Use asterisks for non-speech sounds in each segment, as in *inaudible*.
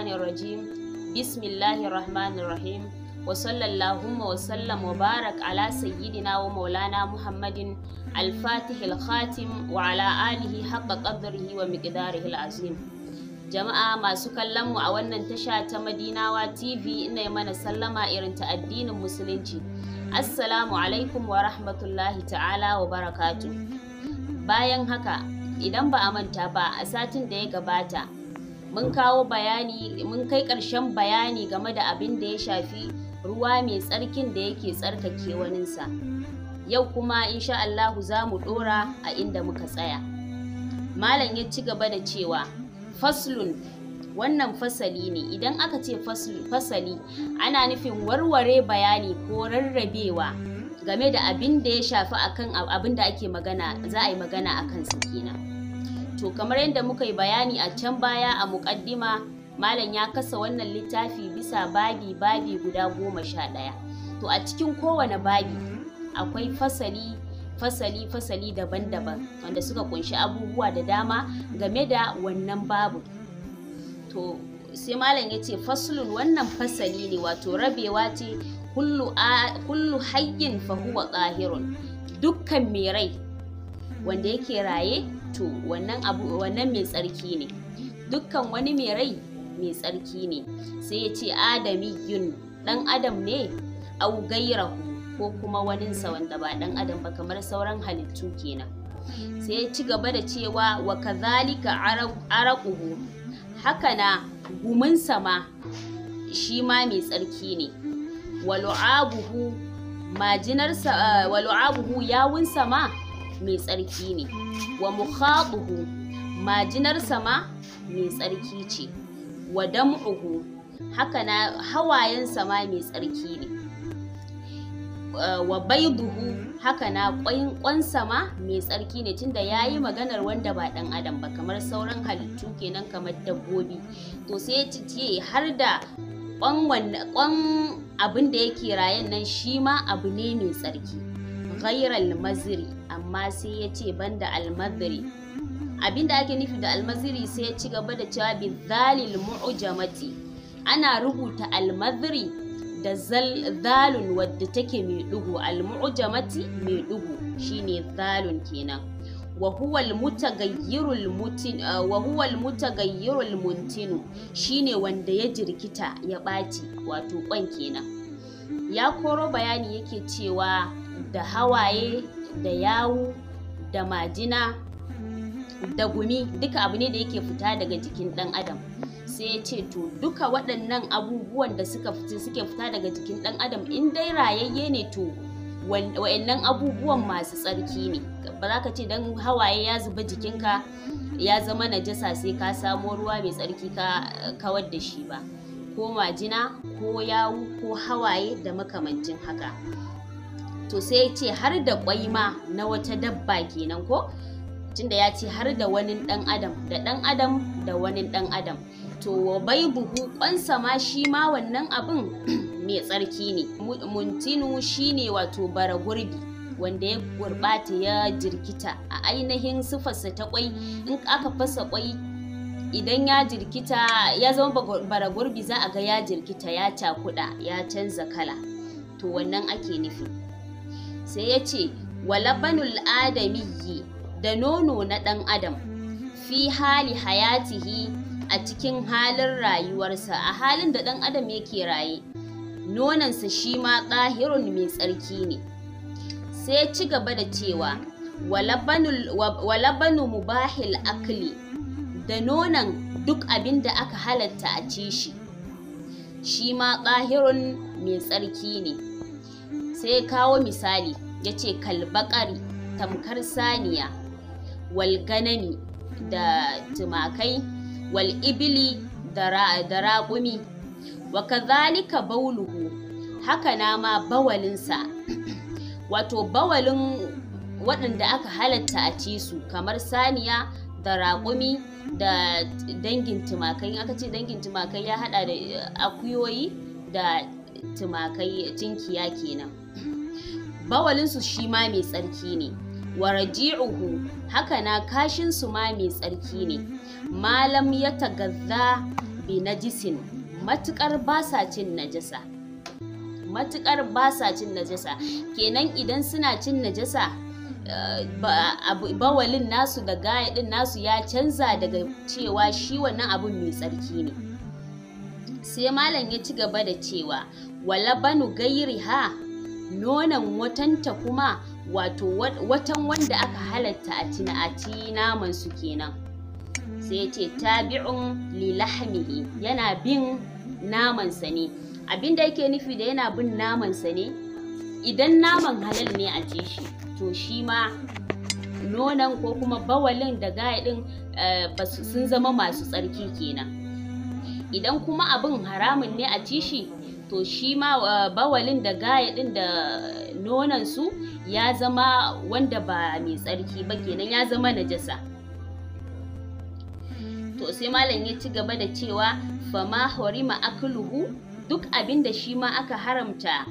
shaitanir rajim bismillahir rahmanir rahim wa sallallahu wa sallam wa barak ala sayyidina wa maulana muhammadin al-fatih khatim wa ala alihi haqqa qadrihi wa miqdarihi al-azim jama'a masu kallon mu a wannan tasha ta madinawa tv ina mana sallama irin ta addinin musulunci assalamu alaikum wa rahmatullahi ta'ala wa barakatu bayan haka idan ba a manta ba a satin da ya gabata mun kawo bayani mun kai ƙarshen bayani game da abin da ya shafi ruwa mai tsarkin da yake tsarkake waninsa yau kuma insha Allahu za mu ɗora a inda muka tsaya malam ya ci gaba da cewa faslun wannan fasali ne idan aka ce fasali ana nufin warware bayani ko rarrabewa game da abin da ya shafi akan abin da ake magana za a yi magana akan su kenan to kamar yadda muka yi bayani a can baya a muƙaddima malam ya kasa wannan littafi bisa babi babi guda goma sha ɗaya to a cikin kowane babi akwai fasali fasali fasali daban-daban wanda suka kunshi abubuwa da dama game da wannan babu to sai malam ya ce faslun wannan fasali ne wato rabewa ce kullu hayyin fahuwa ƙahirun dukkan mai rai wanda yake raye to wannan abu wannan mai tsarki ne dukkan wani mai rai mai tsarki ne sai ya ce adami yun dan adam ne au gairahu ko kuma waninsa wanda ba dan adam ba kamar sauran halittu kenan sai ya ci gaba da cewa wa kazalika araquhu haka na gumunsa ma shi ma mai tsarki ne walu'abuhu majinarsa eh, yawunsa ma mai tsarki ne wa mukhaduhu majinarsa ma mai tsarki ce wa dam'uhu haka na hawayensa ma mai tsarki ne wa baiduhu haka na kwansa ma mai tsarki ne tunda ya yi maganar wanda ba ɗan adam ba kamar sauran halittu kenan kamar dabbobi to sai ya ce har da kwan abin da yake rayan nan shi ma abu ne mai tsarki ghairal maziri amma sai ya ce banda almaziri abinda ake nufi da almaziri sai ya ci gaba da cewa bi zalil mu'jamati ana rubuta almaziri da zalun wadda take mai dugu almu'jamati mai dugu shine zalun kenan wa huwa almutaghayyirul Mutinu shine wanda ya jirkita ya ɓaci wato kwan kenan ya koro bayani yake cewa da hawaye da yawu da majina da gumi duka abu ne da yake fita daga jikin ɗan adam sai ya ce to duka waɗannan abubuwan da suka suke fita daga jikin ɗan adam in dai rayayye ne to wa'annan abubuwan masu tsarki ne ba za ka ce don hawaye ya zuba jikinka ya zama najasa sai ka samo ruwa mai tsarki ka kawar da shi ba ko majina ko yawu ko hawaye da makamancin haka to sai ya ce har da kwai ma na wata dabba kenan ko tunda ya ce har da wani ɗan adam da ɗan adam da wani ɗan adam to wa bai buhu kwansa ma shi ma wannan abin *clears throat* mai tsarki ne muntinu ne wato bara gurbi wanda ya gurɓata ya jirkita a ainihin sifarsa ta kwai in aka fasa kwai idan ya jirkita ya zama bara gurbi za a ga ya jirkita ya cakuɗa ya canza kala to wannan ake nufi sai ya ce walabanul adamiyyi da nono na ɗan adam fi hali hayatihi a cikin halin rayuwarsa a halin da ɗan adam yake raye nonansa shi ma ƙahirun mai tsarki ne sai ya ci gaba da cewa walabanu mubahil akli da nonan duk abin da aka halatta a ci shi shi ma ƙahirun mai tsarki ne sai kawo misali ya ce kalbakari tamkar saniya walganami da tumakai wal'ibili da raƙumi wa kazalika bauluhu haka na ma bawalinsa wato bawalin waɗanda aka halatta a ci su kamar saniya da raƙumi da dangin tumakai aka ce dangin tumakai ya haɗa da eh, akuyoyi da tumakai tinkiya kenan bawalinsu shi ma mai tsarki ne wa raji'uhu haka na kashinsu ma mai tsarki ne malam ya tagazza bi najisin matukar basa cin najasa matukar basa najasa kenan idan suna cin najasa eh, bawalin nasu da gaya din nasu ya canza daga cewa shi wannan abun mai tsarki ne sai malam ya ci gaba da cewa wala banu gairi ha nonon watanta kuma wato watan wanda aka halatta a tina'ati naman su kenan sai ce tabi'un lilahmihi yana bin namansa ne Abin abinda yake nufi da yana bin namansa ne idan naman halal ne a ci to shi ma nonon ko kuma bawalin da gaɗin eh, sun zama masu tsarki kenan idan kuma abin haramun ne a ci to shi ma uh, bawalin da gaya din da nonon su ya zama wanda ba mai tsarki ba kenan ya zama najasa to sai malam ya ci gaba da cewa fama horima akuluhu duk abin da shi ma aka haramta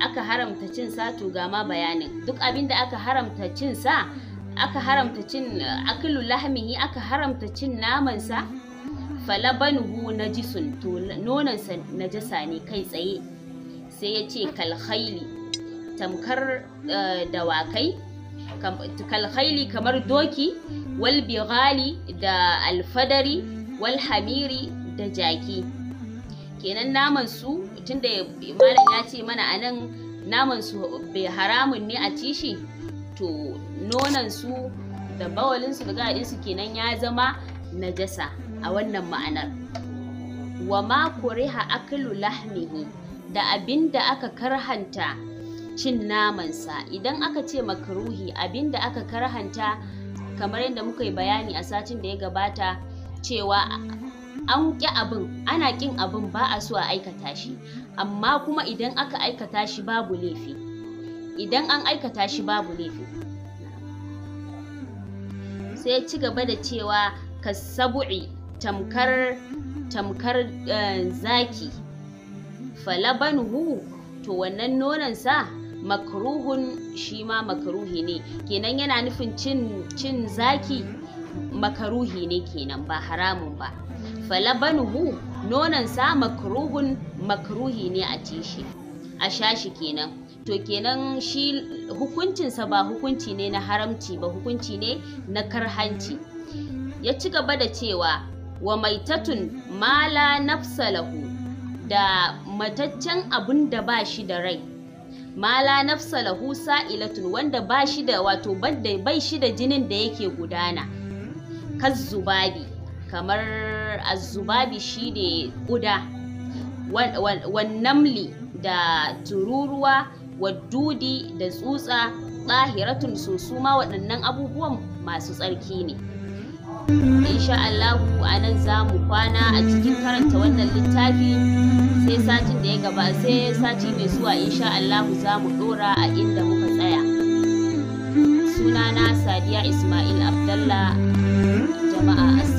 aka haramta cin sa to ga ma bayanin duk abin da aka haramta cin sa aka haramta cin akulu lahmihi aka haramta cin namansa falabanhu najisun to nonansa najasa ne kai tsaye sai ya ce kalhaili tamkar eh, dawakai kalhaili kamar doki wal da alfadari wal da jaki kenan naman su tunda malam ya ce mana anan naman su bai haramun ne a ci to nonan su da bawalin da gaɗin kenan ya zama najasa a wannan ma'anar wa ma kuriha aklu lahmihi da abin da aka karhanta cin namansa idan aka ce makruhi abin da aka karhanta kamar yadda muka yi bayani a satin da ya gabata cewa an ƙi abin ana ƙin abin ba a so a aikata shi amma kuma idan aka aikata shi babu laifi idan an aikata shi babu laifi sai ci gaba da cewa ka sabu'i tamkar tamkar eh, zaki falabanhu to wannan sa makruhun shi ma makruhi ne kenan yana nufin cin cin zaki makaruhi ne kenan ba haramun ba falabanhu nonansa makruhun makruhi ne a ci shi a sha kenan to kenan shi hukuncinsa ba hukunci ne na haramci ba hukunci ne na karhanci ya ci gaba da cewa wa maitatun mala nafsa da mataccen abun da ba shi da rai mala nafsa lahu sa'ilatun wanda ba shi da wato bai shi da jinin da yake gudana Zubabi, kamar Zubabi shi ne ƙuda wannamli da tururuwa wadudi da tsutsa ɗahiratun su suma waɗannan abubuwan masu tsarki ne insha Allahu a nan za mu kwana a cikin karanta wannan littafi sai satin da ya gaba sai sati mai zuwa insha Allahu za mu dora a inda muka tsaya sunana Sadiya Ismail Abdallah jama'a